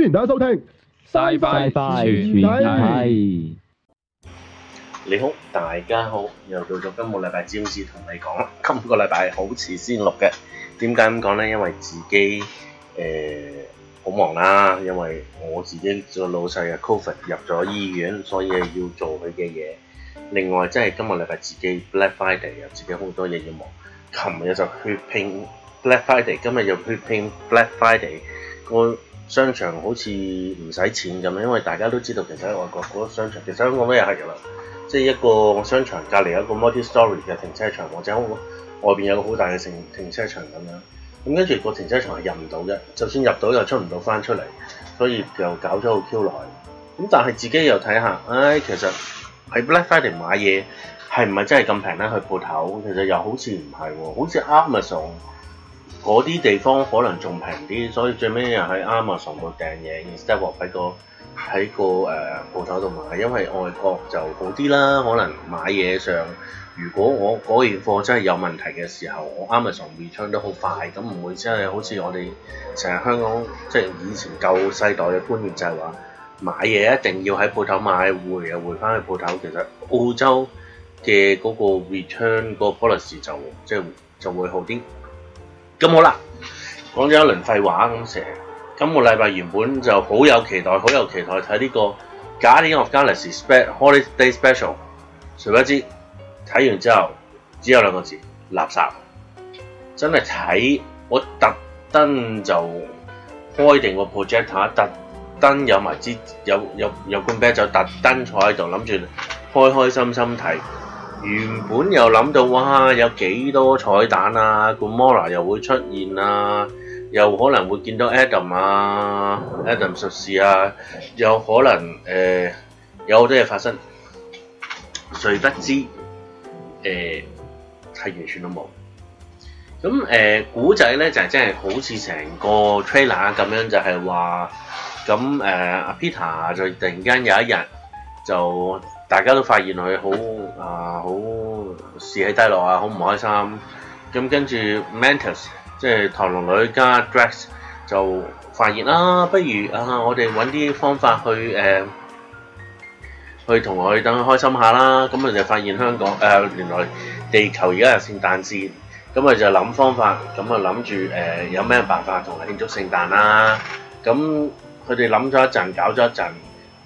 歡迎大家收聽，拜拜拜拜，你好，大家好，又到咗今個禮拜占士同你講啦。今個禮拜好遲先錄嘅，點解咁講咧？因為自己誒好、呃、忙啦、啊，因為我自己做老細啊 Covid 入咗醫院，所以要做佢嘅嘢。另外，即係今個禮拜自己 Black Friday 又自己好多嘢要忙。琴日就血拼 Black Friday，今日又血拼 Black Friday，商場好似唔使錢咁，因為大家都知道其實喺外國嗰個商場，其實香港咧又係㗎，即係一個商場隔離有一個 multi-storey 嘅停車場，或者外邊有個好大嘅停停車場咁樣。咁跟住個停車場係入唔到嘅，就算入到又出唔到翻出嚟，所以又搞咗個 Q 落去。咁但係自己又睇下，唉、哎，其實喺 Black Friday 買嘢係唔係真係咁平咧？去鋪頭其實又好似唔係喎，好似 Amazon。嗰啲地方可能仲平啲，所以最尾又喺 Amazon 度訂嘢，instead of 喺個喺個誒鋪頭度買，因為外國就好啲啦，可能買嘢上，如果我件貨真係有問題嘅時候，我 Amazon return 都好快，咁唔會真係好似我哋成日香港即係以前舊世代嘅觀念就係話買嘢一定要喺鋪頭買，回又回翻去鋪頭。其實澳洲嘅嗰個 return 個 policy 就即係就會好啲。咁好啦，講咗一輪廢話咁成，今個禮拜原本就好有期待，好有期待睇呢個 Guardians of the Galaxy holiday special，誰不知睇完之後只有兩個字垃圾，真係睇我特登就開定個 projector 特登有埋支有有有罐啤酒，特登坐喺度諗住開開心心睇。原本又諗到哇，有幾多彩蛋啊？個 m o r a 又會出現啊，又可能會見到 Adam 啊，Adam 爵士啊，有可能誒、呃、有好多嘢發生，誰不知誒係、呃、完全都冇。咁誒古仔咧就真係好似成個 trailer 咁樣，就係話咁誒阿 Peter 就突然間有一日就。大家都發現佢好啊，好士氣低落啊，好唔開心。咁跟住 Mantis 即係唐龍女加 Drax 就發現啦、啊，不如啊，我哋揾啲方法去誒、啊、去同佢等佢開心下啦。咁佢哋就發現香港誒、啊、原來地球而家係聖誕節，咁佢就諗方法，咁啊諗住有咩辦法同佢慶祝聖誕啦。咁佢哋諗咗一陣，搞咗一陣。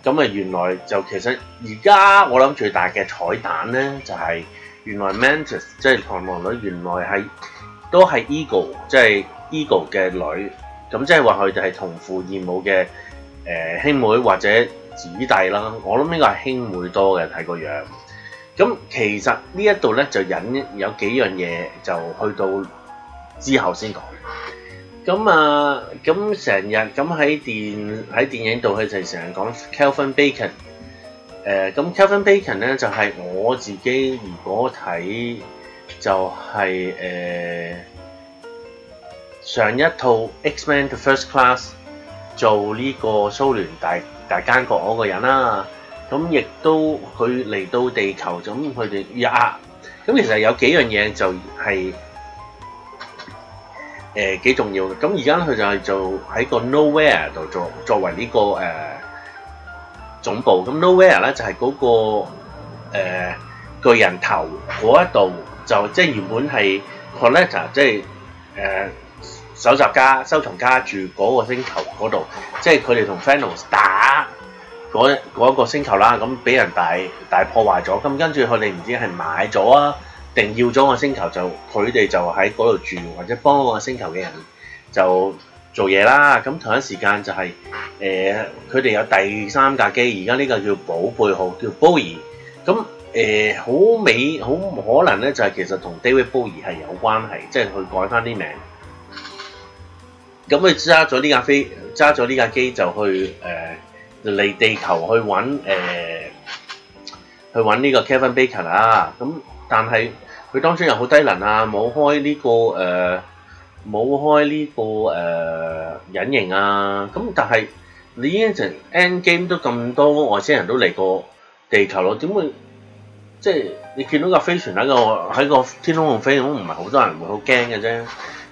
咁啊，原來就其實而家我諗最大嘅彩蛋咧，就係、是、原來 Mantis 即係螳螂女原來係都係 Eagle 即係 Eagle 嘅女，咁即係話佢哋係同父異母嘅誒、呃、兄妹或者子弟啦。我諗呢個係兄妹多嘅睇個樣。咁其實這裏呢一度咧就引有幾樣嘢就去到之後先講。咁啊，咁成日咁喺電喺電影度，佢就成日講 Kelvin Bacon，呃。誒，咁 Kelvin Bacon 咧就係、是、我自己，如果睇就係、是、誒、呃、上一套 X Men The First Class 做呢個蘇聯大大奸角嗰個人啦。咁、啊、亦都佢嚟到地球，咁佢哋壓，咁其實有幾樣嘢就係、是。誒幾、呃、重要嘅，咁而家佢就係做喺個 Nowhere 度做作為呢、這個誒、呃、總部，咁 Nowhere 咧就係、是、嗰、那個、呃、巨人頭嗰一度，就即係、就是、原本係 Collector，即、就、係、是、誒蒐、呃、集家收藏家住嗰個星球嗰度，即係佢哋同 Thanos 打嗰、那個、一個星球啦，咁俾人大大破壞咗，咁跟住佢哋唔知係買咗啊。定要咗個星球就佢哋就喺嗰度住，或者幫個星球嘅人就做嘢啦。咁同一時間就係、是、誒，佢、呃、哋有第三架機，而家呢個叫寶貝號，叫 Bowie。咁誒好美好唔可能咧，就係、是、其實同 David Bowie 係有關係，即係佢改翻啲名。咁佢揸咗呢架飛，揸咗呢架機就去誒嚟、呃、地球去揾誒。呃去揾呢個 Kevin Bacon 啊！咁但係佢當中又好低能啊，冇開呢、呢個誒，冇、呃、開呢、呢個誒、呃、隱形啊！咁但係你已經成 End Game 都咁多外星人都嚟過地球咯，點會即係你見到個飛船喺個喺個天空度飛，都唔係好多人會好驚嘅啫。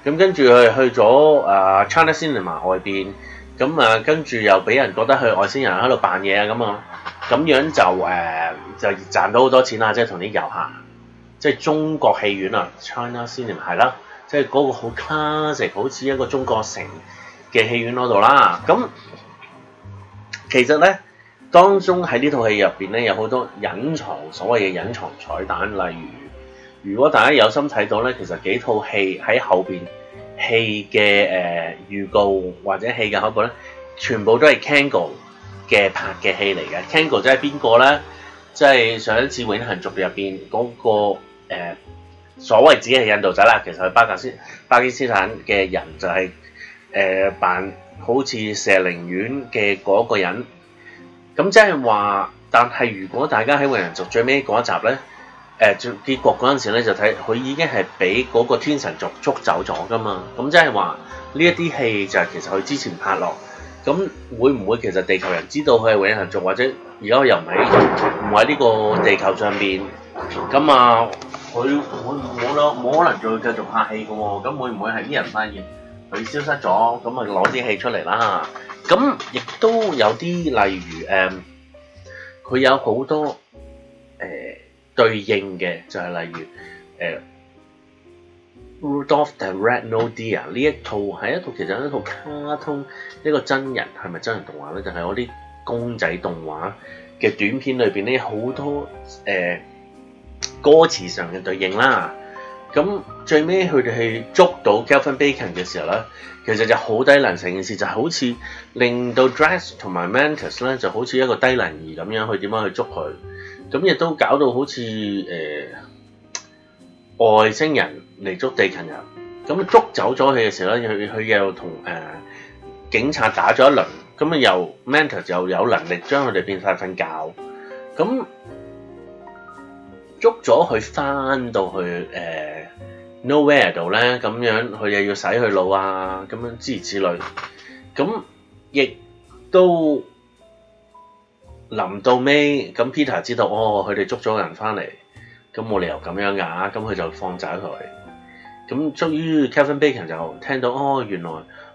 咁跟住佢去咗誒、呃、China Cinema 外邊，咁啊跟住又俾人覺得係外星人喺度扮嘢啊咁啊，咁樣就誒。呃就賺到好多錢啦！即係同啲遊客，即係中國戲院啊，China Cinema 係啦，即係嗰個好 classic，好似一個中國城嘅戲院嗰度啦。咁其實咧，當中喺呢套戲入邊咧，有好多隱藏所謂嘅隱藏彩蛋，例如如果大家有心睇到咧，其實幾套戲喺後邊戲嘅誒預告或者戲嘅後部咧，全部都係 Kango 嘅拍嘅戲嚟嘅。Kango 即係邊個咧？即係上一次《永恆族面、那個》入邊嗰個所謂自己係印度仔啦，其實佢巴基斯坦巴基斯坦嘅人就係、是、誒、呃、扮好似蛇靈院嘅嗰個人。咁即係話，但係如果大家喺《永恆族》最尾嗰一集咧，誒、呃、結結局嗰陣時咧，就睇佢已經係俾嗰個天神族捉走咗噶嘛。咁即係話呢一啲戲就係其實佢之前拍落。咁會唔會其實地球人知道佢係永恆族，或者而家佢又唔喺唔喺呢個地球上邊？咁啊，佢我我咯冇可能再繼續拍戲嘅喎。咁會唔會係啲人發現佢消失咗？咁啊攞啲戲出嚟啦。咁亦都有啲例如佢、嗯、有好多、呃、對應嘅，就係、是、例如、呃 Rudolph the Red Nosed Reindeer 呢一套係一套其實係一套卡通，一、一個真人係咪真人動畫咧？就係嗰啲公仔動畫嘅短片裏邊咧，好多誒、呃、歌詞上嘅對應啦。咁最尾佢哋係捉到 Kevin Bacon 嘅時候咧，其實就好低能，成件事就好似令到 Drax 同埋 Mantis 咧就好似一個低能兒咁樣去點樣去捉佢，咁亦都搞到好似誒。呃外星人嚟捉地勤人，咁捉走咗佢嘅時候咧，佢佢又同誒、呃、警察打咗一輪，咁啊又 Manta 就有能力將佢哋變晒瞓覺，咁捉咗佢翻到去誒 Nowhere 度咧，咁、呃、樣，佢又要洗佢腦啊，咁樣諸如此類，咁亦都臨到尾，咁 Peter 知道哦，佢哋捉咗人翻嚟。咁冇理由咁樣噶，咁佢就放走佢。咁終於 Kevin Bacon 就聽到哦，原來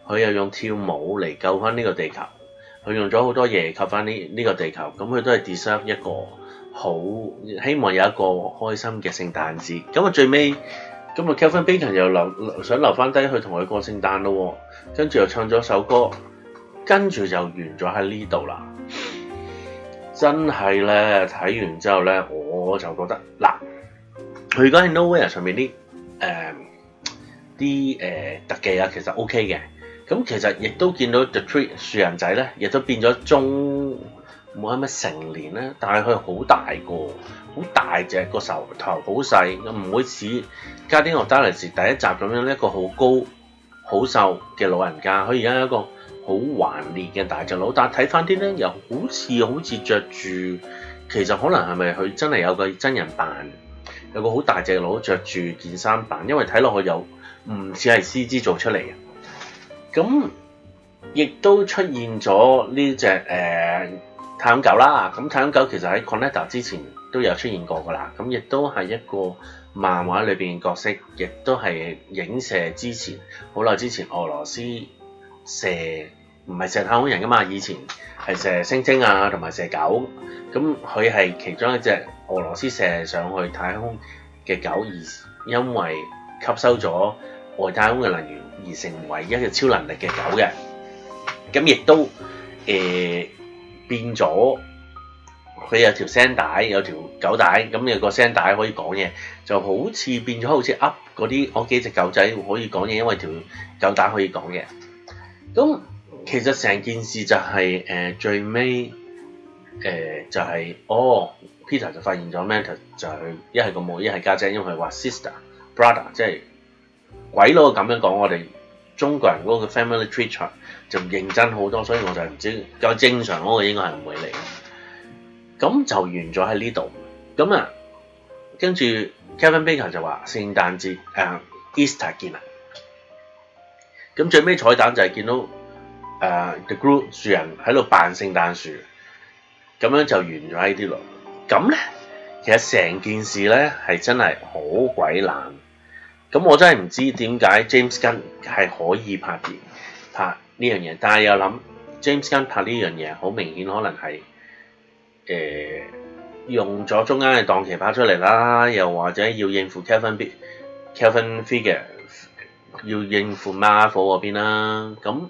佢又用跳舞嚟救翻呢個地球，佢用咗好多嘢救翻呢呢個地球。咁佢都係 deserve 一個好，希望有一個開心嘅聖誕節。咁啊最尾，咁啊 Kevin Bacon 又留，留想留翻低去同佢過聖誕咯。跟住又唱咗首歌，跟住就完咗喺呢度啦。真係咧，睇完之後咧，嗯、我就覺得嗱，佢而家喺 Nowhere 上面啲誒啲誒特技啊，其實 OK 嘅。咁其實亦都見到 The Tree 樹人仔咧，亦都變咗中冇啱咩成年咧，但係佢好大個，好大隻，個頭頭好細，細，唔會似《加丁學丹尼士》第一集咁樣一個好高好瘦嘅老人家。佢而家一個。好懷念嘅大隻佬，但係睇返啲咧，又好似好似着住，其實可能係咪佢真係有個真人扮，有個好大隻佬着住件衫扮，因為睇落去又唔似係獅子做出嚟嘅。咁亦都出現咗呢隻誒、呃、太空狗啦。咁太空狗其實喺 c o n n a d a 之前都有出現過噶啦。咁亦都係一個漫畫裏邊角色，亦都係影射之前好耐之前俄羅斯射。唔係射太空人噶嘛？以前係射猩猩啊，同埋射狗咁，佢係其中一隻俄羅斯射上去太空嘅狗，而因為吸收咗外太空嘅能源，而成為一個超能力嘅狗嘅。咁亦都誒、呃、變咗，佢有條聲帶，有條狗帶，咁有個聲帶可以講嘢，就好似變咗好似噏嗰啲，我幾隻狗仔可以講嘢，因為條狗帶可以講嘢。咁。其實成件事就係、是、誒、呃、最尾誒、呃、就係、是、哦，Peter 就發現咗 Mantis 就係一係個妹，一係家姐，因為佢話 sister、brother 即係鬼佬咁樣講，我哋中國人嗰個 family tree 就認真好多，所以我就唔知夠正常嗰個應該係唔會嚟。咁就完咗喺呢度。咁啊，跟住 Kevin Baker 就話聖誕節誒 Easter 見啦。咁最尾彩蛋就係見到。誒、uh, The Group 樹人喺度扮聖誕樹，咁樣就完咗喺啲咯。咁咧，其實成件事咧係真係好鬼難。咁我真係唔知點解 James Gunn 係可以拍片拍呢樣嘢，但係又諗 James Gunn 拍呢樣嘢，好明顯可能係誒、呃、用咗中間嘅檔期拍出嚟啦，又或者要應付 Kevin Kevin Figure，要應付 Marvel 嗰邊啦，咁。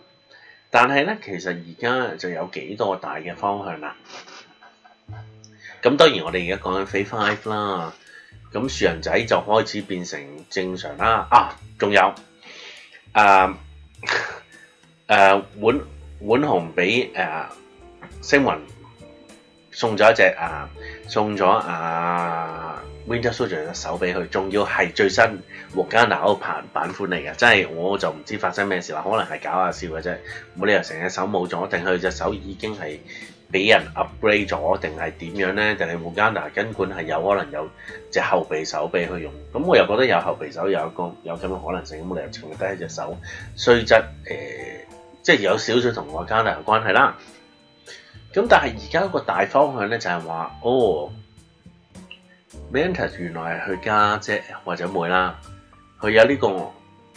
但係呢，其實而家就有幾多大嘅方向啦、啊。咁當然我哋而家講緊《非 Five》啦。咁樹人仔就開始變成正常啦。啊，仲有，啊，誒、啊，碗碗紅俾誒、啊、星雲送咗一隻啊，送咗啊。Winter Soldier 仲有隻手臂佢，仲要係最新沃加納嗰個版版款嚟嘅，真係我就唔知發生咩事啦，可能係搞下笑嘅啫，冇理由成隻手冇咗，定佢隻手已經係俾人 upgrade 咗，定係點樣咧？定係沃加納根本係有可能有隻後備手臂去用，咁我又覺得有後備手有一個有咁嘅可能性，咁冇理由剩低一隻手，雖則，誒，即、呃、係、就是、有少少同沃加納嘅關係啦。咁但係而家個大方向咧就係、是、話，哦。Mantis 原來係佢家姐或者妹啦，佢有呢個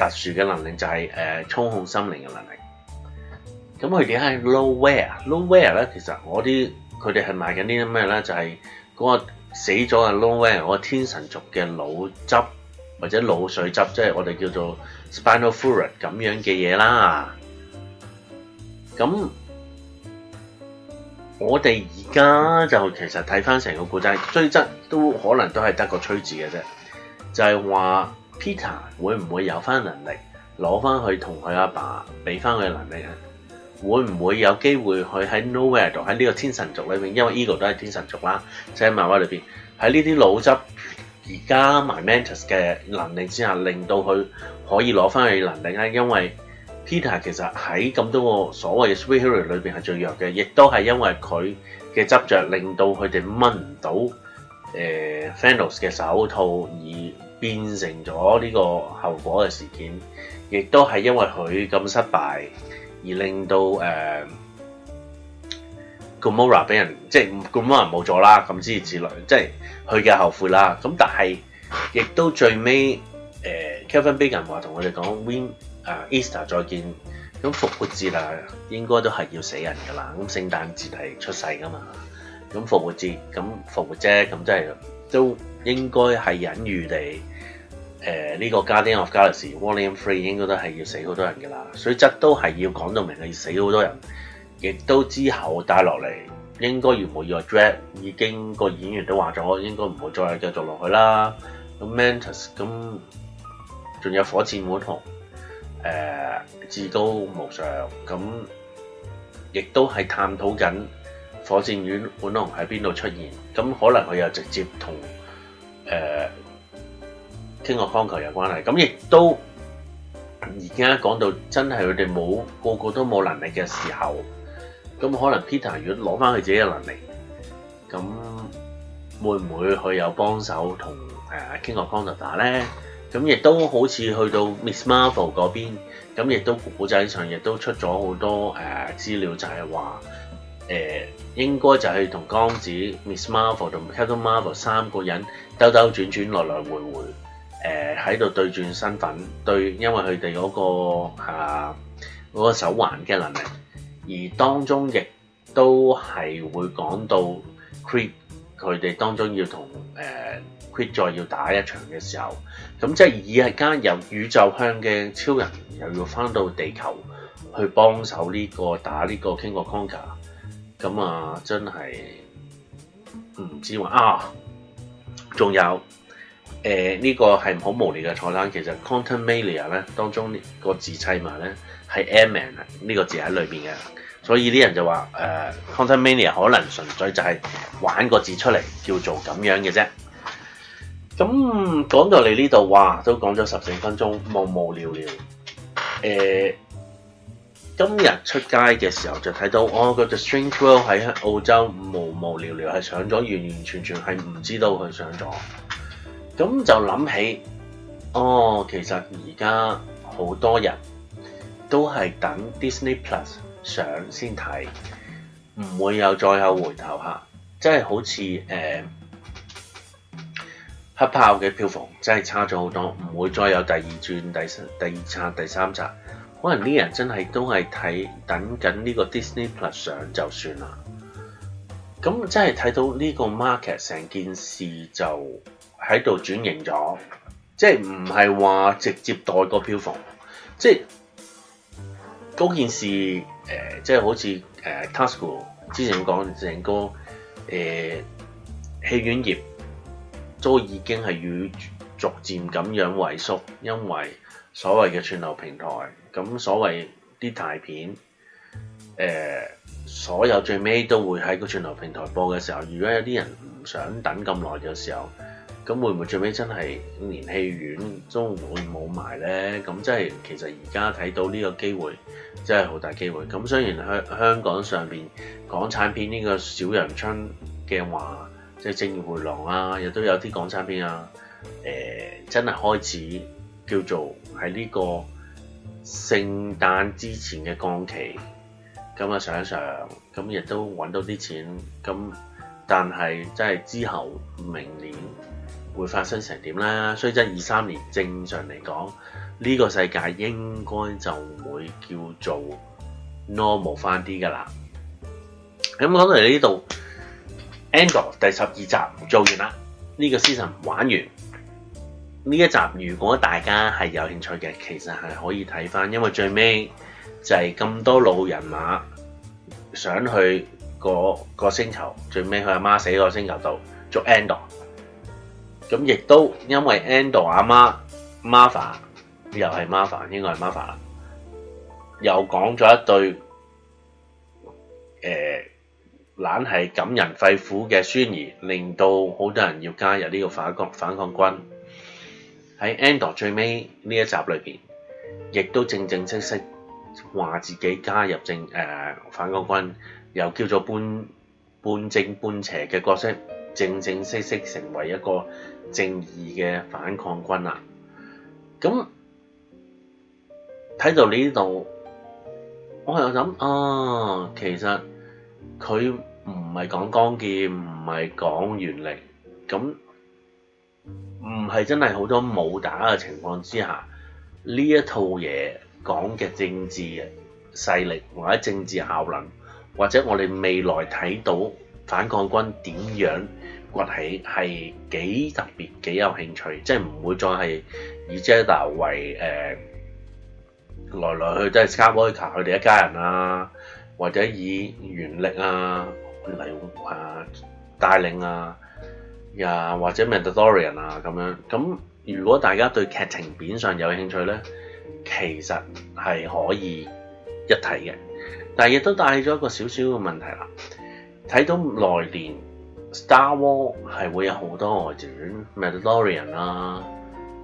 特殊嘅能力，就係誒操控心靈嘅能力。咁佢點解係 Low Ware，Low Ware 咧，其實我啲佢哋係賣緊啲咩咧？就係嗰個死咗嘅 Low Ware，我天神族嘅腦汁或者腦水汁，即係我哋叫做 Spinal Fluid 咁樣嘅嘢啦。咁我哋而家就其實睇翻成個故仔，追質都可能都係得個催字嘅啫，就係話 Peter 會唔會有翻能力攞翻去同佢阿爸俾翻佢嘅能力咧？會唔會有機會去喺 Nowhere 度喺呢個天神族裏邊？因為 Ego 都係天神族啦，即係漫畫裏邊喺呢啲腦汁而家 Mantis 嘅能力之下，令到佢可以攞翻佢嘅能力咧，因為。Peter 其實喺咁多個所謂嘅 Super Hero 裏邊係最弱嘅，亦都係因為佢嘅執着令到佢哋掹唔到誒、呃、Thanos 嘅手套，而變成咗呢個後果嘅事件。亦都係因為佢咁失敗，而令到誒、呃、Gamora 俾人即係 Gamora 冇咗啦，咁之自然即係佢嘅後悔啦。咁但係亦都最尾誒、呃、Kevin Bacon 話同我哋講 Win。啊，Easter 再見，咁復活節啊，應該都係要死人噶啦。咁聖誕節係出世噶嘛，咁復活節，咁復活啫，咁即係都應該係隱喻地。誒、呃，呢、呢個 Guardian of Galaxy Volume Three 應該都係要死好多人噶啦，所以則都係要講到明係要死好多人。亦都之後帶落嚟，應該唔會再 drop，已經個演員都話咗，應該唔會再繼續落去啦。咁 Mantis，咁仲有火箭滿紅。誒、呃，至高無上咁，亦都係探討緊火箭丸本能喺邊度出現，咁可能佢有直接同誒傾個方球有關係，咁亦都而家講到真係佢哋冇個個都冇能力嘅時候，咁可能 Peter 如果攞翻佢自己嘅能力，咁會唔會佢有幫手同誒傾康方球打咧？咁亦都好似去到 Miss Marvel 嗰邊，咁亦都故仔上亦都出咗好多誒資、啊、料就，呃、就係話誒應該就係同鋼子、Miss Marvel 同 Captain Marvel 三個人兜兜轉轉來來回回，誒喺度對轉身份，對因為佢哋嗰個嚇、啊那個、手環嘅能力，而當中亦都係會講到 Creep。佢哋當中要同誒 quit 再要打一場嘅時候，咁即係而家又宇宙向嘅超人又要翻到地球去幫手呢、這個打呢個傾個 conga，咁啊真係唔知話啊！仲、啊啊、有誒呢、呃這個係好無聊嘅菜山，其實 c o n t a m i n a t i a n 咧當中個字呢係 man，這個字砌埋咧係 amen 呢個字喺裏邊嘅。所以啲人就話誒，Quantumania 可能純粹就係玩個字出嚟，叫做咁樣嘅啫。咁講到嚟呢度，哇，都講咗十四分鐘，無無聊聊。誒、欸，今日出街嘅時候就睇到，哦，嗰個 Strange World 喺澳洲無無聊聊係上咗，完完全全係唔知道佢上咗。咁就諗起，哦，其實而家好多人都係等 Disney Plus。上先睇，唔會有再有回頭客，即係好似誒《黑豹》嘅票房真係差咗好多，唔會再有第二轉、第第二集、第三集，可能啲人真係都係睇等緊呢個 Disney+ 上就算啦。咁真係睇到呢個 market 成件事就喺度轉型咗，即係唔係話直接代個票房，即係嗰件事。誒、呃、即係好似誒 Tasko 之前講，成個誒戲院業都已經係要逐漸咁樣萎縮，因為所謂嘅串流平台，咁所謂啲大片，誒、呃、所有最尾都會喺個串流平台播嘅時候，如果有啲人唔想等咁耐嘅時候。咁會唔會最尾真係連戲院都會冇埋呢？咁即係其實而家睇到呢個機會，真係好大機會。咁雖然香香港上面港產片呢個小陽春嘅話，即係正月回廊啊，亦都有啲港產片啊。呃、真係開始叫做喺呢個聖誕之前嘅檔期，咁啊想一想，咁亦都揾到啲錢咁。但係，真係之後明年會發生成點啦？所以真係二三年正常嚟講，呢、這個世界應該就會叫做 normal 翻啲㗎喇。咁、嗯、講到嚟呢度，Andor 第十二集做完啦，呢、這個 season 玩完呢一集，如果大家係有興趣嘅，其實係可以睇翻，因為最尾就係咁多老人馬想去。個個星球最尾佢阿媽死個星球度做 Andor，咁亦都因為 Andor 阿媽 Mara 又係 Mara，應該係 Mara，又講咗一對誒懶係感人肺腑嘅宣言，令到好多人要加入呢個反抗反抗軍。喺 Andor 最尾呢一集裏邊，亦都正正式式話自己加入正誒反抗軍。又叫做半半正半邪嘅角色，正正式式成為一個正義嘅反抗軍啊！咁睇到呢度，我又諗啊，其實佢唔係講光劍，唔係講原力，咁唔係真係好多武打嘅情況之下，呢一套嘢講嘅政治勢力或者政治效能。或者我哋未來睇到反抗軍點樣崛起，係幾特別，幾有興趣，即係唔會再係以 Jedah 為誒、呃、來來去都係 Skywalker 佢哋一家人啊，或者以原力啊，例啊帶領啊呀、啊、或者 Mandalorian 啊咁樣。咁、嗯、如果大家對劇情片上有興趣咧，其實係可以一睇嘅。但係亦都帶咗一個少少嘅問題啦，睇到來年 Star Wars 係會有好多外傳，Mandalorian 啦，誒、啊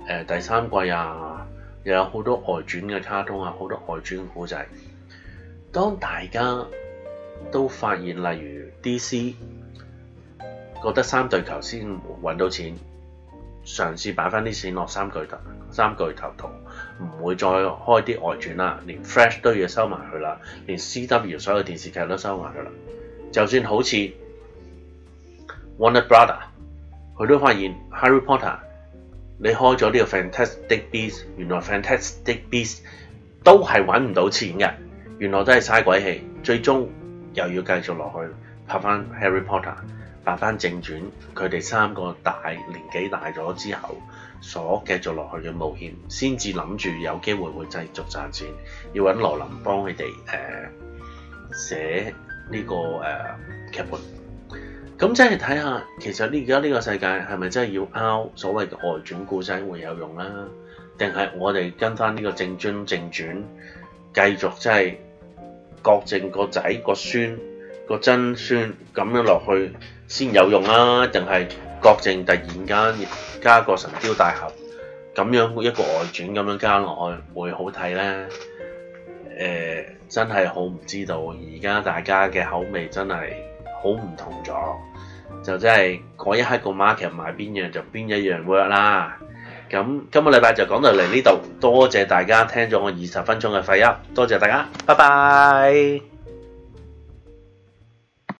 呃、第三季啊，又有好多外傳嘅卡通啊，好多外傳古仔。當大家都發現，例如 DC 覺得三對球先揾到錢，嘗試擺翻啲錢落三巨頭，三巨頭度。唔會再開啲外傳啦，連 Flash 都要收埋佢啦，連 CW 所有電視劇都收埋佢啦。就算好似 Warner Brother，佢都發現 Harry Potter，你開咗呢個 Fantastic Beasts 原來 Fantastic Beasts 都係揾唔到錢嘅，原來都係嘥鬼氣。最終又要繼續落去拍翻 Harry Potter，拍翻正傳。佢哋三個大，年紀大咗之後。所繼續落去嘅冒險，先至諗住有機會會繼續賺錢，要揾羅琳幫佢哋誒寫呢、呢個、呃、劇本。咁即係睇下，其實呢而家呢個世界係咪真係要 out 所謂嘅外傳故仔會有用啦？定係我哋跟翻呢個正尊正傳繼續真係郭靖個仔個孫個曾孫咁樣落去先有用啦？定係？郭靖突然間加個神雕大俠咁樣一個外傳咁樣加落去會好睇呢？誒、呃，真係好唔知道而家大家嘅口味真係好唔同咗，就真係嗰一刻個 market 買邊樣就邊一樣 work 啦。咁今個禮拜就講到嚟呢度，多謝大家聽咗我二十分鐘嘅廢噏，多謝大家，拜拜。